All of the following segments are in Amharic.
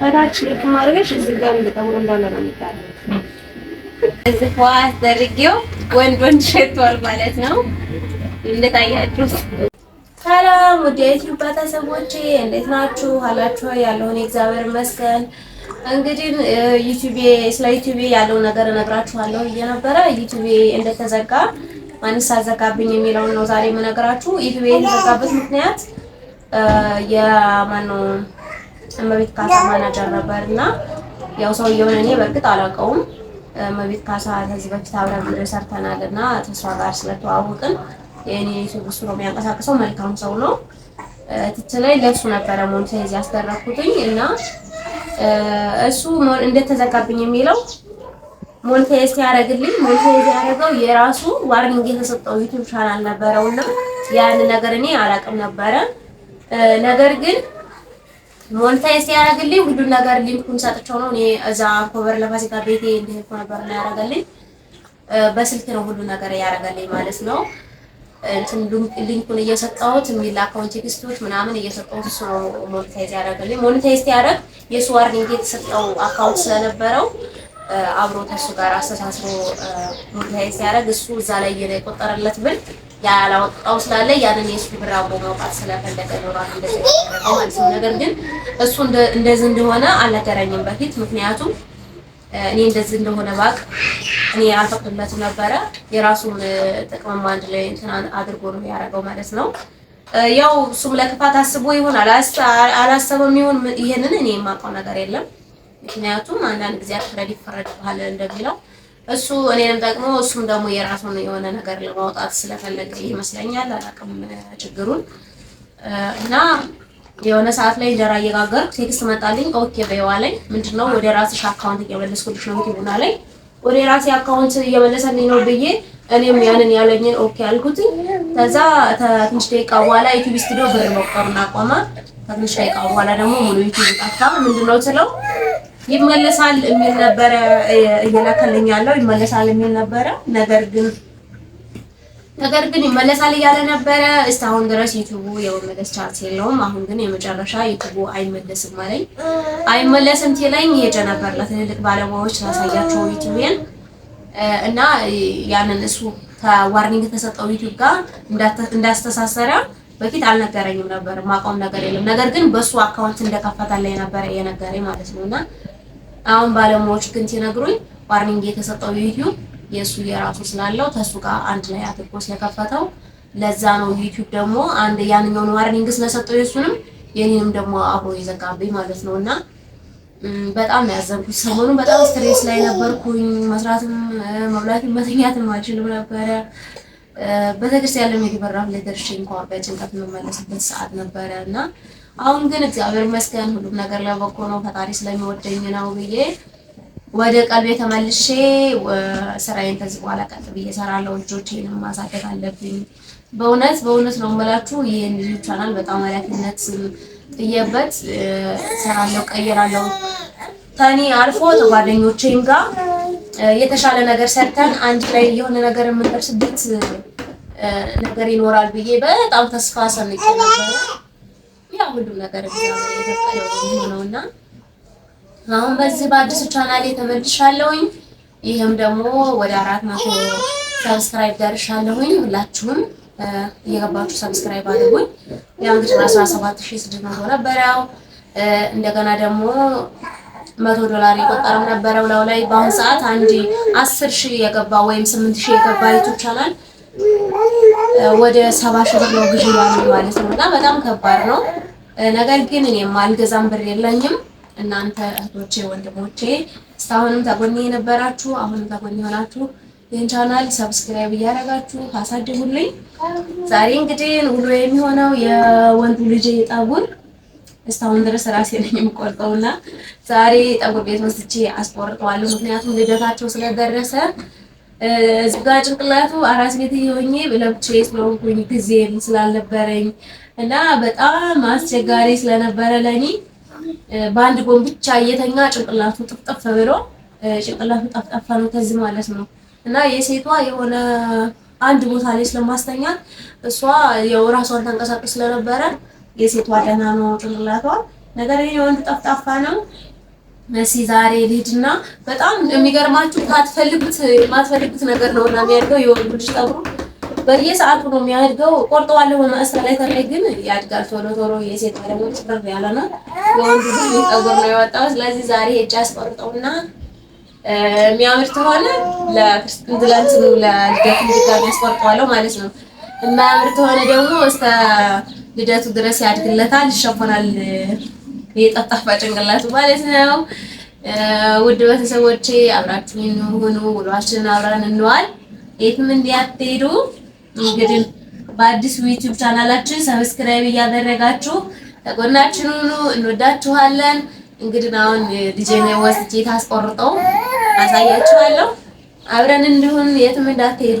ከታች ልክ ማድረግሽ እዚህ ጋር እንደጠውሮ እንዳለ ነው የሚታለው። እዚህ ዋ አስደርጌው ወንድ ወንድ ሸቷል ማለት ነው። እንደታያችሁ ሰላም ወደ ዩቲዩብ ቤተሰቦቼ እንዴት ናችሁ? አላችሁ ያለውን እግዚአብሔር ይመስገን። እንግዲህ ዩቲዩብ ስለ ዩቲዩብ ያለው ነገር እነግራችኋለሁ እየነበረ ዩቲዩብ እንደተዘጋ ማንስ አዘጋብኝ የሚለውን ነው ዛሬ የምነግራችሁ። ዩቲዩብ የተዘጋበት ምክንያት የማነው እመቤት ካሳ ማናጀር ነበር እና ያው ሰውየውን እኔ በእርግጥ አላውቀውም። እመቤት ካሳ ከዚህ በፊት አብረን ቪዲዮ ሰርተናል እና ተስፋ ጋር ስለተዋወቅን የእኔ ሱጉስ ነው የሚያንቀሳቅሰው መልካም ሰው ነው። ትች ላይ ለብሱ ነበረ ሞኒታይዝ ያስደረኩትኝ እና እሱ እንደተዘጋብኝ የሚለው ሞኒታይዝ ያደረግልኝ ሞኒታይዝ ያደረገው የራሱ ዋርኒንግ የተሰጠው ዩቲዩብ ቻናል ነበረውና ያን ነገር እኔ አላውቅም ነበረ ነገር ግን ሞኔታይዝ ያደረግልኝ ሁሉን ነገር ሊንኩን ሰጥቼው ነው። እኔ እዛ ኮቨር ለፋሲካ ቤቴ እንድሄድ ነበር ነው ያደረገልኝ። በስልክ ነው ሁሉ ነገር ያደረገልኝ ማለት ነው። እንትን ሊንኩን እየሰጠሁት የሚላከውን ቴክስቶች ምናምን እየሰጠሁት እሱ ነው ሞኔታይዝ ያደረገልኝ። ሞኔታይዝ ያደረግ የእሱ ዋርኒንግ የተሰጠው አካውንት ስለነበረው አብሮ ከእሱ ጋር አስተሳስሮ ሞኔታይዝ ያደረግ እሱ እዛ ላይ የቆጠረለት ብል ያላወጣው ስላለ ያንን የሱ ብር አብሮ መውጣት ስለፈለገ ኖሯል ማለት ነው። ነገር ግን እሱ እንደዚህ እንደሆነ አልነገረኝም በፊት ምክንያቱም እኔ እንደዚህ እንደሆነ ባቅ እኔ አልፈቅድለትም ነበረ። የራሱን ጥቅምም አንድ ላይ እንትን አድርጎ ነው ያደረገው ማለት ነው። ያው እሱም ለክፋት አስቦ ይሆን አላሰበም ይሆን ይሄንን እኔ የማውቀው ነገር የለም። ምክንያቱም አንዳንድ ጊዜ ፍረድ ባህል እንደሚለው እሱ እኔንም ደግሞ እሱም ደግሞ የራሱን የሆነ ነገር ለማውጣት ስለፈለገ ይመስለኛል። አላውቅም ችግሩን እና የሆነ ሰዓት ላይ እንጀራ እየጋገርኩ ቴክስት መጣልኝ። ኦኬ በይዋለኝ ምንድን ነው ወደ ራስሽ አካውንት እየመለስኩልሽ ነው ቡና ላይ ወደ ራሴ አካውንት እየመለሰልኝ ነው ብዬ እኔም ያንን ያለኝን ኦኬ አልኩት። ከዛ ከትንሽ ደቂቃ በኋላ ዩቲዩብ ስቱዲዮ ብር መቁጠሩን አቆመ። ከትንሽ ደቂቃ በኋላ ደግሞ ሙሉ ዩቲዩብ ጠፋ። ምንድነው ነው ስለው ይመለሳል የሚል ነበረ እየላከልኝ ያለው ይመለሳል የሚል ነበረ። ነገር ግን ነገር ግን ይመለሳል እያለ ነበረ። እስካሁን ድረስ ዩቱቡ የመመለስ ቻንስ የለውም። አሁን ግን የመጨረሻ ዩቱቡ አይመለስም አለኝ። አይመለስም ሲለኝ ሄጄ ነበር ለትልልቅ ባለሙያዎች ላሳያቸው ዩቱቤን እና ያንን እሱ ከዋርኒንግ ተሰጠው ዩቱብ ጋር እንዳስተሳሰረ በፊት አልነገረኝም ነበር። ማቆም ነገር የለም። ነገር ግን በሱ አካውንት እንደከፈታለ የነበረ የነገረኝ ማለት ነውና አሁን ባለሙያዎች ግን ሲነግሩኝ ዋርኒንግ የተሰጠው ዩቲዩብ የእሱ የራሱ ስላለው ተሱ ጋር አንድ ላይ አድርጎ ስለከፈተው ለዛ ነው። ዩቲዩብ ደግሞ አንድ ያንኛውን ዋርኒንግ ስለሰጠው የእሱንም የኔንም ደግሞ አብሮ ይዘጋብኝ ማለት ነው እና በጣም ያዘንኩት ሰሞኑ በጣም ስትሬስ ላይ ነበርኩኝ። መስራትም መብላትም መተኛትም አልችልም ነበረ። ቤተክርስቲያን ለመሄድ በራፍ ላይ ደርሼ እንኳን በጭንቀት የምመለስበት ሰዓት ነበረ እና አሁን ግን እግዚአብሔር ይመስገን ሁሉም ነገር ለበጎ ነው፣ ፈጣሪ ስለሚወደኝ ነው ብዬ ወደ ቀልቤ ተመልሼ ስራዬን ከዚህ በኋላ ቀጥ ብዬ እሰራለሁ። ልጆቼንም ማሳደግ አለብኝ። በእውነት በእውነት ነው የምላችሁ። ይህን ቻናል በጣም ኃላፊነት ጥየበት እሰራለሁ፣ ቀይራለሁ። ከኔ አልፎ ጓደኞቼም ጋር የተሻለ ነገር ሰርተን አንድ ላይ የሆነ ነገር የምንደርስበት ነገር ይኖራል ብዬ በጣም ተስፋ ሰንቄ ነበር። ያው ሁሉም ነገር የተፈቀደው አሁን በዚህ በአዲሱ ቻናሌ ተመልሻለሁኝ። ይህም ደግሞ ወደ አራት መቶ ሰብስክራይብ ደርሻለሁኝ። ሁላችሁም እየገባችሁ ሰብስክራይብ አድርጉኝ። ያው እንግዲህ አስራ ሰባት ሺህ ስድስት መቶ ነበር። ያው እንደገና ደግሞ መቶ ዶላር የቆጠረው ነበረው ላው ላይ በአሁኑ ሰዓት አንድ አስር ሺህ የገባ ወይም ስምንት ሺህ የገባ ዩቱብ ቻናል ወደ ሰባ ሺህ ብር ነው ግዢ ያሉ ማለት ነው። እና በጣም ከባድ ነው። ነገር ግን እኔም አልገዛም ብር የለኝም። እናንተ እህቶቼ፣ ወንድሞቼ እስካሁንም ተጎኔ የነበራችሁ አሁንም ተጎኔ የሆናችሁ ይህን ቻናል ሰብስክራይብ እያደረጋችሁ ታሳድጉልኝ። ዛሬ እንግዲህ ውሎ የሚሆነው የወንዱ ልጅ ጠጉር እስካሁን ድረስ ራሴ ነኝ የምቆርጠው እና ዛሬ ጠጉር ቤት ወስጄ አስቆርጠዋለሁ። ምክንያቱም ልደታቸው ስለደረሰ እዚህ ጋር ጭንቅላቱ አራስ ቤት የሆኜ ለብቻዬ ስለሆንኩኝ ጊዜም ስላልነበረኝ እና በጣም አስቸጋሪ ስለነበረ ለእኔ በአንድ ጎን ብቻ እየተኛ ጭንቅላቱ ጥፍጥፍ ብሎ ጭንቅላቱ ጠፍጠፋ ነው ከዚህ ማለት ነው እና የሴቷ የሆነ አንድ ቦታ ላይ ስለማስተኛት እሷ ያው ራሷን ታንቀሳቀስ ስለነበረ የሴቷ ደህና ነው ጭንቅላቷ። ነገር ግን የወንድ ጠፍጣፋ ነው። መሲ ዛሬ ልሂድና በጣም የሚገርማችሁ ካትፈልጉት ማትፈልጉት ነገር ነው እና የሚያድገው የወንዱ ልጅ ጠጉሩ በየሰዓቱ ነው የሚያድገው። ቆርጠዋለሁ በማእሰር ላይ ተላይ ግን ያድጋል ቶሎ ቶሎ። የሴት ደግሞ ጭር ያለ ነው፣ የወንዱ ልጅ ጠጉር ነው የወጣው። ስለዚህ ዛሬ እጅ አስቆርጠውና የሚያምር ከሆነ ለክርስትንትላንት ለልደት እንዲጋር ያስቆርጠዋለሁ ማለት ነው። የማያምር ከሆነ ደግሞ እስከ ልደቱ ድረስ ያድግለታል፣ ይሸፈናል የጠፍጣፋ ጭንቅላቱ ማለት ነው። ውድ ቤተሰቦቼ አብራችሁን ሁኑ። ውሏችን አብረን እንዋል። የትም እንዲያትሄዱ እንግዲህ በአዲሱ ዩቲዩብ ቻናላችን ሰብስክራይብ እያደረጋችሁ ተጎናችን ሁኑ። እንወዳችኋለን። እንግዲህ አሁን ልጄን ወስጄ ታስቆርጠው አሳያችኋለሁ። አብረን እንዲሁን፣ የትም እንዳትሄዱ።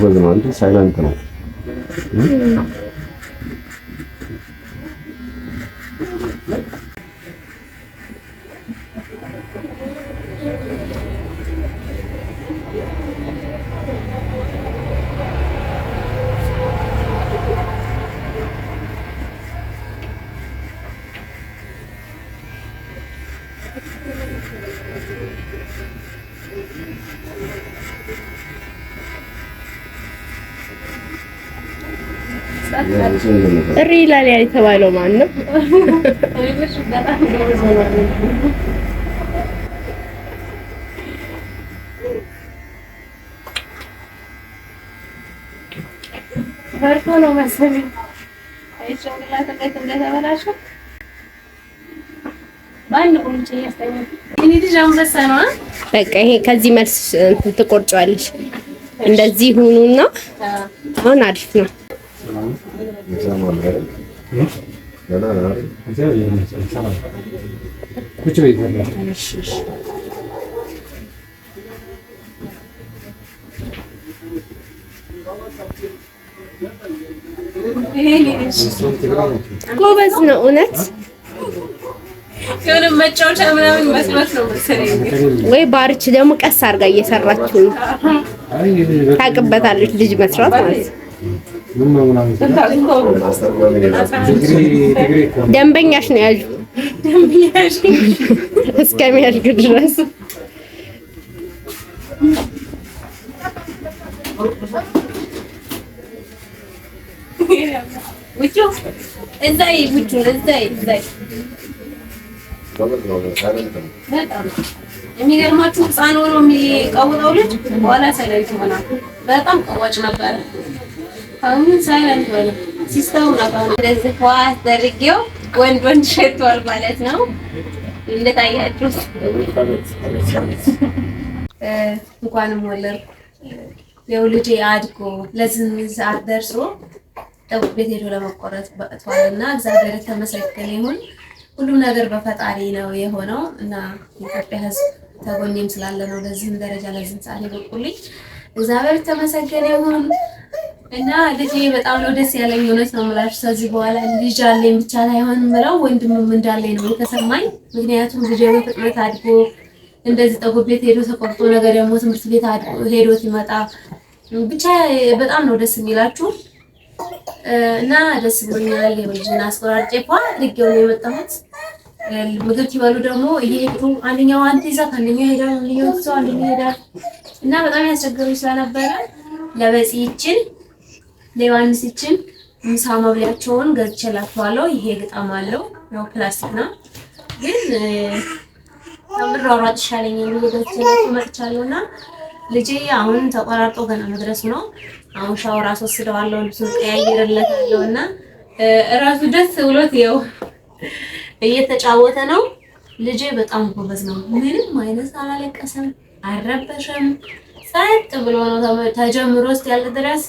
ጎበዝ ነው። አንተ ሳይለንት ነው። እሪ ይላል የተባለው ማን ነው? ነው በቃ ይሄ ከዚህ መልስ ትቆርጫለሽ። እንደዚህ ሁኑና አሁን አሪፍ ነው። ጎበዝ ነው እውነት። የሆነ መጫወቻ ምናምን መስሎት ነው መሰለኝ። ወይ ባርች ደግሞ ቀስ አድርጋ እየሰራችው ነው። ታውቅበታለች ልጅ መስራት ማለት ነው። ደንበኛሽ ነው ያሉ እስከሚያልቅ ድረስ የሚገርማችሁ ሕፃን ሆኖ የሚቀውጠው ልጅ በኋላ ሰላይ ይሆናል። በጣም ቀዋጭ ነበረ። አሁን ሳይለንት ሆነ ሲስተሙ ናፋን እንደዚህ ዋ አስደርጌው ወንድ ወንድ ሸቷል ማለት ነው። እንደታያችሁ እንኳንም ወለድኩ። ያው ልጄ አድጎ ለዚህ ሰዓት ደርሶ ጠቡት ቤት ሄዶ ለመቆረጥ በቅቷልና እግዚአብሔር የተመሰገነ ይሁን። ሁሉም ነገር በፈጣሪ ነው የሆነው እና የኢትዮጵያ ሕዝብ ተጎኔም ስላለ ነው ለዚህም ደረጃ ለዚህም ሰዓት የበቁልኝ። እግዚአብሔር የተመሰገነ ይሁን። እና ልጅ በጣም ነው ደስ ያለኝ። እውነት ነው የምላችሁ ከዚህ በኋላ ልጅ አለኝ ብቻ ሳይሆን ምለው ወንድምም እንዳለኝ ነው የተሰማኝ። ምክንያቱም ልጄ በፍጥነት አድጎ እንደዚህ ጠጉር ቤት ሄዶ ተቆርጦ ነገር ደግሞ ትምህርት ቤት ሄዶ ሲመጣ ብቻ በጣም ነው ደስ የሚላችሁ እና ደስ ብሎኛል። የልጅን አስቆራርጬ ኳ ልጌው ነው የመጣሁት። ምግብ ሲበሉ ደግሞ እየሄዱ አንደኛው አንድ ይዛ ከአንደኛው ይሄዳል፣ አንደኛው ይዘው አንደኛው ይሄዳል እና በጣም ያስቸገሩ ስለነበረ ለበጽ ይችል ለዮሐንስ ይችን ምሳ መብያቸውን ገዝቼላችኋለሁ። ይሄ ግጣም አለው ያው ፕላስቲክ ነው፣ ግን ተምር አውራጭ ይሻለኝ የሚል ገዝቼላችሁ መጥቻለሁና ልጄ አሁን ተቆራርጦ ገና መድረሱ ነው። አሁን ሻወር አስወስደዋለሁ፣ ልብሱን ቀያይርለታለሁ እና እራሱ ደስ ብሎት ይኸው እየተጫወተ ነው። ልጄ በጣም ጎበዝ ነው። ምንም አይነት አላለቀሰም፣ አልረበሸም። ጸጥ ብሎ ነው ተጀምሮ ያለ ድረስ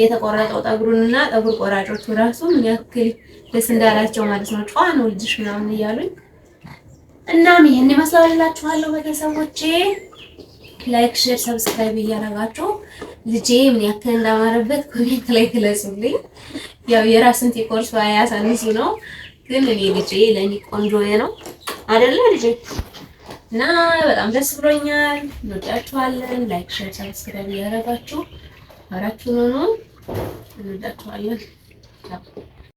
የተቆረጠው ጠጉሩንና ጠጉር ቆራጮቹ ራሱ ምን ያክል ደስ እንዳላቸው ማለት ነው። ጨዋ ነው ልጅሽ ምናምን እያሉኝ እናም ይህን ይመስላላችኋለሁ ቤተሰቦቼ። ላይክ፣ ሼር፣ ሰብስክራይብ እያደረጋችሁ ልጄ ምን ያክል እንዳማረበት ኮሜንት ላይ ግለጹልኝ። ያው የራስን ቲኮርስ ባያሳንሱ ነው፣ ግን እኔ ልጄ ለእኔ ቆንጆ ነው አይደለ ልጄ እና በጣም ደስ ብሎኛል። እንወዳችኋለን። ላይክ፣ ሼር፣ ሰብስክራይብ እያደረጋችሁ አብራችሁን ሆኖ እንወዳችኋለን።